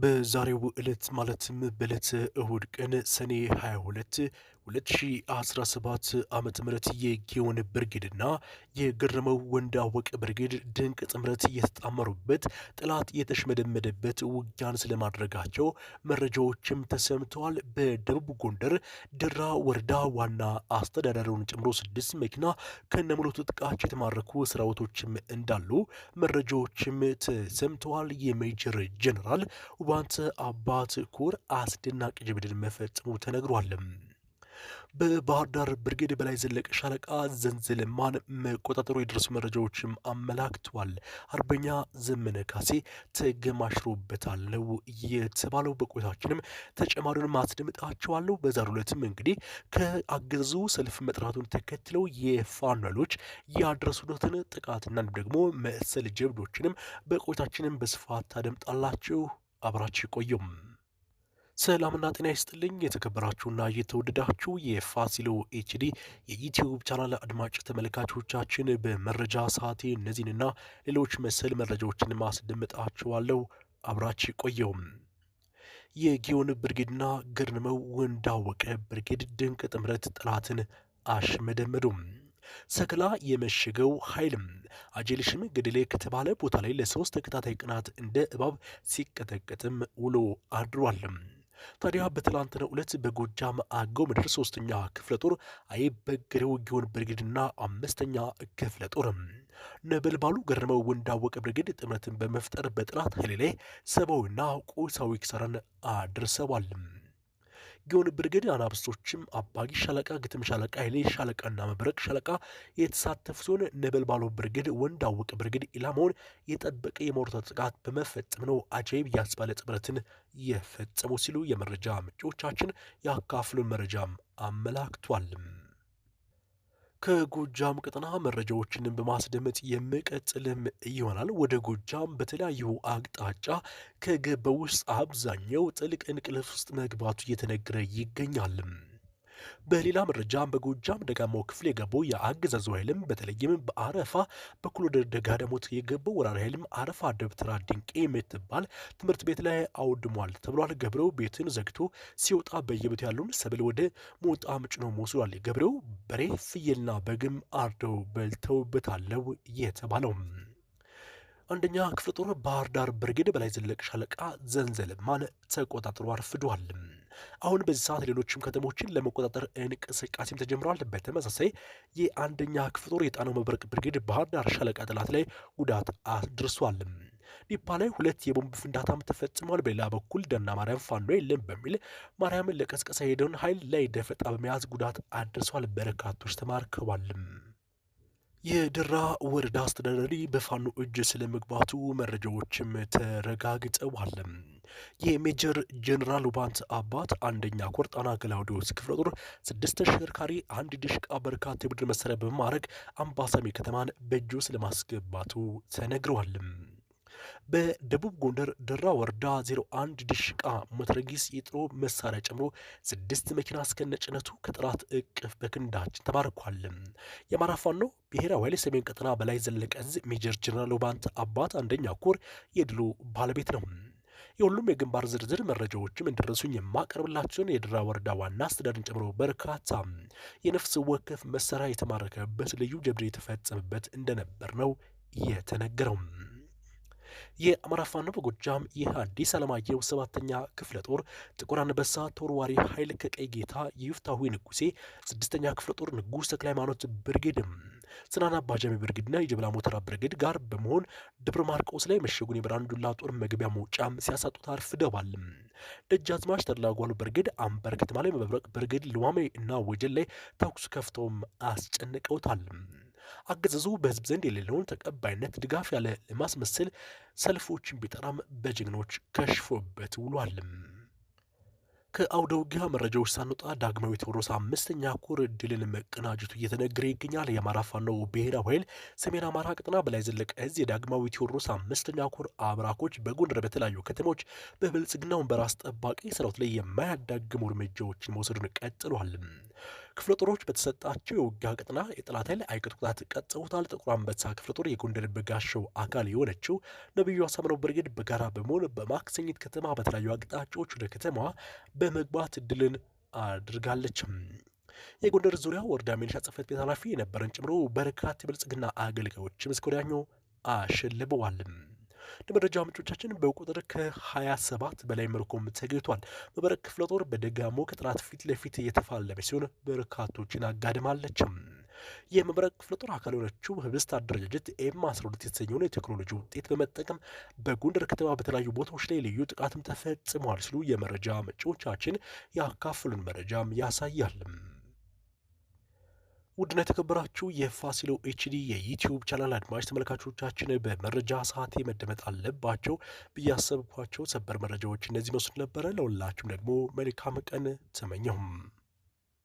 በዛሬው ዕለት ማለትም በዕለተ እሁድ ቀን ሰኔ 22 2017 ዓመተ ምህረት የጊዮን ብርጌድና የገረመው ወንዳወቅ ብርጌድ ድንቅ ጥምረት የተጣመሩበት ጠላት የተሽመደመደበት ውጊያን ስለማድረጋቸው መረጃዎችም ተሰምተዋል። በደቡብ ጎንደር ድራ ወረዳ ዋና አስተዳዳሪውን ጨምሮ ስድስት መኪና ከነሙሉ ትጥቃቸው የተማረኩ ሰራዊቶችም እንዳሉ መረጃዎችም ተሰምተዋል። የሜጀር ጀኔራል ውባንተ አባት ኩር አስደናቂ ጀብድን መፈጸሙ ተነግሯል። በባህር ዳር ብርጌድ በላይ ዘለቀ ሻለቃ ዘንዝልማን መቆጣጠሩ የደረሱ መረጃዎችም አመላክተዋል። አርበኛ ዘመነ ካሴ ተገማሽሮበታለው የተባለው በቆይታችንም ተጨማሪውን ማስደምጣቸዋለሁ። በዛሬው ዕለትም እንግዲህ ከአገዙ ሰልፍ መጥራቱን ተከትለው የፋኖሎች ያደረሱትን ጥቃትና እንዲሁም ደግሞ መሰል ጀብዶችንም በቆይታችንም በስፋት ታደምጣላችሁ። አብራችሁ ቆዩም። ሰላምና ጤና ይስጥልኝ የተከበራችሁና የተወደዳችሁ የፋሲሎ ኤችዲ የዩትዩብ ቻናል አድማጭ ተመልካቾቻችን በመረጃ ሰዓቴ እነዚህንና ሌሎች መሰል መረጃዎችን ማስደምጣችኋለሁ። አብራች ቆየውም። የጊዮን ብርጌድና ግርመው ወንዳወቀ ብርጌድ ድንቅ ጥምረት ጠላትን አሽመደመዱም። ሰክላ የመሸገው ኃይልም አጀልሽም ገደሌ ከተባለ ቦታ ላይ ለሶስት ተከታታይ ቀናት እንደ እባብ ሲቀጠቀጥም ውሎ አድሯልም። ታዲያ በትላንትናው ዕለት በጎጃም አገው ምድር ሶስተኛ ክፍለ ጦር አይበገሬው ጊዮን ብርጌድና አምስተኛ ክፍለ ጦር ነበልባሉ ገረመው ወንዳወቀ ብርጌድ ጥምረትን በመፍጠር በጥላት ኃይል ላይ ሰብአዊና ቁሳዊ ኪሳራን አድርሰዋል። ጊዮን ብርጌድ አናብሶችም አባጊ ሻለቃ፣ ግትም ሻለቃ፣ ኃይሌ ሻለቃና መብረቅ ሻለቃ የተሳተፉ ሲሆን ነበልባሎ ብርጌድ፣ ወንድ አወቅ ብርጌድ ኢላማውን የጠበቀ የሞርተር ጥቃት በመፈጸም ነው አጀብ ያስባለ ጥብረትን የፈጸሙ ሲሉ የመረጃ ምንጮቻችን ያካፍሉን መረጃም አመላክቷልም። ከጎጃም ቀጠና መረጃዎችንም በማስደመጥ የምቀጥልም ይሆናል። ወደ ጎጃም በተለያዩ አቅጣጫ ከገባ ውስጥ አብዛኛው ጥልቅ እንቅልፍ ውስጥ መግባቱ እየተነገረ ይገኛልም። በሌላ መረጃም በጎጃም ደጋማው ክፍል የገባው የአገዛዙ ኃይልም በተለይም በአረፋ በኩል ወደ ደጋዳሞት የገባው ወራሪ ኃይልም አረፋ ደብተራ ድንቄ የምትባል ትምህርት ቤት ላይ አውድሟል ተብሏል። ገብረው ቤትን ዘግቶ ሲወጣ በየቤቱ ያለውን ሰብል ወደ ሞጣ ጭኖ ወስዷል። ገብረው በሬ፣ ፍየልና በግም አርደው በልተውበታለው የተባለው አንደኛ ክፍለ ጦር ባህር ዳር ብርጌድ በላይ ዘለቅ ሻለቃ ዘንዘልማን ተቆጣጥሮ አርፍዷል። አሁን በዚህ ሰዓት ሌሎችም ከተሞችን ለመቆጣጠር እንቅስቃሴም ተጀምረዋል። በተመሳሳይ የአንደኛ ክፍለ ጦር የጣናው መብረቅ ብርጌድ ባህር ዳር ሻለቃ ጠላት ላይ ጉዳት አድርሷል። ዲፓ ላይ ሁለት የቦምብ ፍንዳታም ተፈጽመዋል። በሌላ በኩል ደና ማርያም ፋኖ የለም በሚል ማርያምን ለቀስቀሳ የሄደውን ኃይል ላይ ደፈጣ በመያዝ ጉዳት አድርሷል። በርካቶች ተማርከዋልም። የድራ ወረዳ አስተዳዳሪ በፋኖ እጅ ስለመግባቱ መረጃዎችም ተረጋግጠዋል። የሜጀር ጀኔራል ባንት አባት አንደኛ ኮርጣና ጣና ክፍለ ጦር ስድስት ተሽከርካሪ፣ አንድ ድሽቃ፣ በርካታ የቡድን መሳሪያ በማድረግ አምባሳሚ ከተማን በእጁ ስለማስገባቱ ተነግረዋል። በደቡብ ጎንደር ደራ ወረዳ 01 ድሽቃ መትረጊስ የጥሮ መሳሪያ ጨምሮ ስድስት መኪና እስከነጭነቱ ከጠላት እቅፍ በክንዳችን ተባርኳል። የአማራ ፋኖ ብሔራዊ ኃይል ሰሜን ቀጠና በላይ ዘለቀ ዕዝ ሜጀር ጀነራል ባንት አባት አንደኛ ኮር የድሉ ባለቤት ነው። የሁሉም የግንባር ዝርዝር መረጃዎችም እንደደረሱኝ የማቀርብላቸውን የድራ ወረዳ ዋና አስተዳደርን ጨምሮ በርካታ የነፍስ ወከፍ መሳሪያ የተማረከበት ልዩ ጀብድ የተፈጸመበት እንደነበር ነው የተነገረው። የአማራ ፋኖ በጎጃም የሐዲስ ዓለማየሁ ሰባተኛ ክፍለ ጦር ጥቁር አንበሳ ተወርዋሪ ኃይል ከቀይ ጌታ የዩፍታዊ ንጉሴ ስድስተኛ ክፍለ ጦር ንጉሥ ተክለ ሃይማኖት ብርጌድም ስናና ባጃሚ ብርጌድና የጀብላ ሞተራ ብርግድ ጋር በመሆን ደብረ ማርቆስ ላይ መሸጉን የብርሃኑ ጁላ ጦር መግቢያ መውጫም ሲያሳጡት አርፍደዋል። ደጃዝማች ተደላጓሉ ብርግድ አምበር ከተማ ላይ መብረቅ ብርግድ ልዋሜ እና ወጀል ላይ ተኩስ ከፍተውም አስጨንቀውታል። አገዛዙ በህዝብ ዘንድ የሌለውን ተቀባይነት ድጋፍ ያለ ለማስመሰል ሰልፎችን ቢጠራም በጀግኖች ከሽፎበት ውሏልም። ከአውደ ውጊያ መረጃዎች ሳንወጣ ዳግማዊ ቴዎድሮስ አምስተኛ ኩር ድልን መቀናጀቱ እየተነገረ ይገኛል። የአማራ ፋኖ ብሔራዊ ኃይል ሰሜን አማራ ቅጥና በላይ ዘለቀ እዝ የዳግማዊ ቴዎድሮስ አምስተኛ ኩር አብራኮች በጎንደር በተለያዩ ከተሞች በብልጽግናውን በራስ ጠባቂ ሰራዊት ላይ የማያዳግሙ እርምጃዎችን መውሰዱን ቀጥሏል። ክፍለ ጦሮች በተሰጣቸው የውጊያ ቅጥና የጠላት ኃይል አይቀጡ ቅጣት ቀጥተውታል። ጥቁር አንበሳ ክፍለ ጦር የጎንደር በጋሻው አካል የሆነችው ነብዩ አሳምነው ብርጌድ በጋራ በመሆን በማክሰኝት ከተማ በተለያዩ አቅጣጫዎች ወደ ከተማዋ በመግባት ድልን አድርጋለች። የጎንደር ዙሪያ ወረዳ ሚሊሻ ጽፈት ቤት ኃላፊ የነበረን ጨምሮ በርካታ የብልጽግና አገልጋዮችም እስከ ወዲያኛው አሸልበዋል። የመረጃ ምንጮቻችን በቁጥር ከ27 በላይ ምርኮም ተገኝቷል። መብረቅ ክፍለ ጦር በደጋሞ ከጥላት ፊት ለፊት እየተፋለመ ሲሆን በርካቶችን አጋድማለችም። የመብረቅ ክፍለ ጦር አካል የሆነችው ህብስት አደረጃጀት ኤም 12 የተሰኘውን የቴክኖሎጂ ውጤት በመጠቀም በጎንደር ከተማ በተለያዩ ቦታዎች ላይ ልዩ ጥቃትም ተፈጽሟል ሲሉ የመረጃ ምንጮቻችን ያካፍሉን መረጃም ያሳያል። ውድና የተከበራችሁ የፋሲሎ ኤችዲ የዩቲዩብ ቻናል አድማጭ ተመልካቾቻችን በመረጃ ሰዓቴ መደመጥ አለባቸው ብያሰብኳቸው ሰበር መረጃዎች እነዚህ መስሉ ነበረ። ለሁላችሁም ደግሞ መልካም ቀን ተመኘሁም።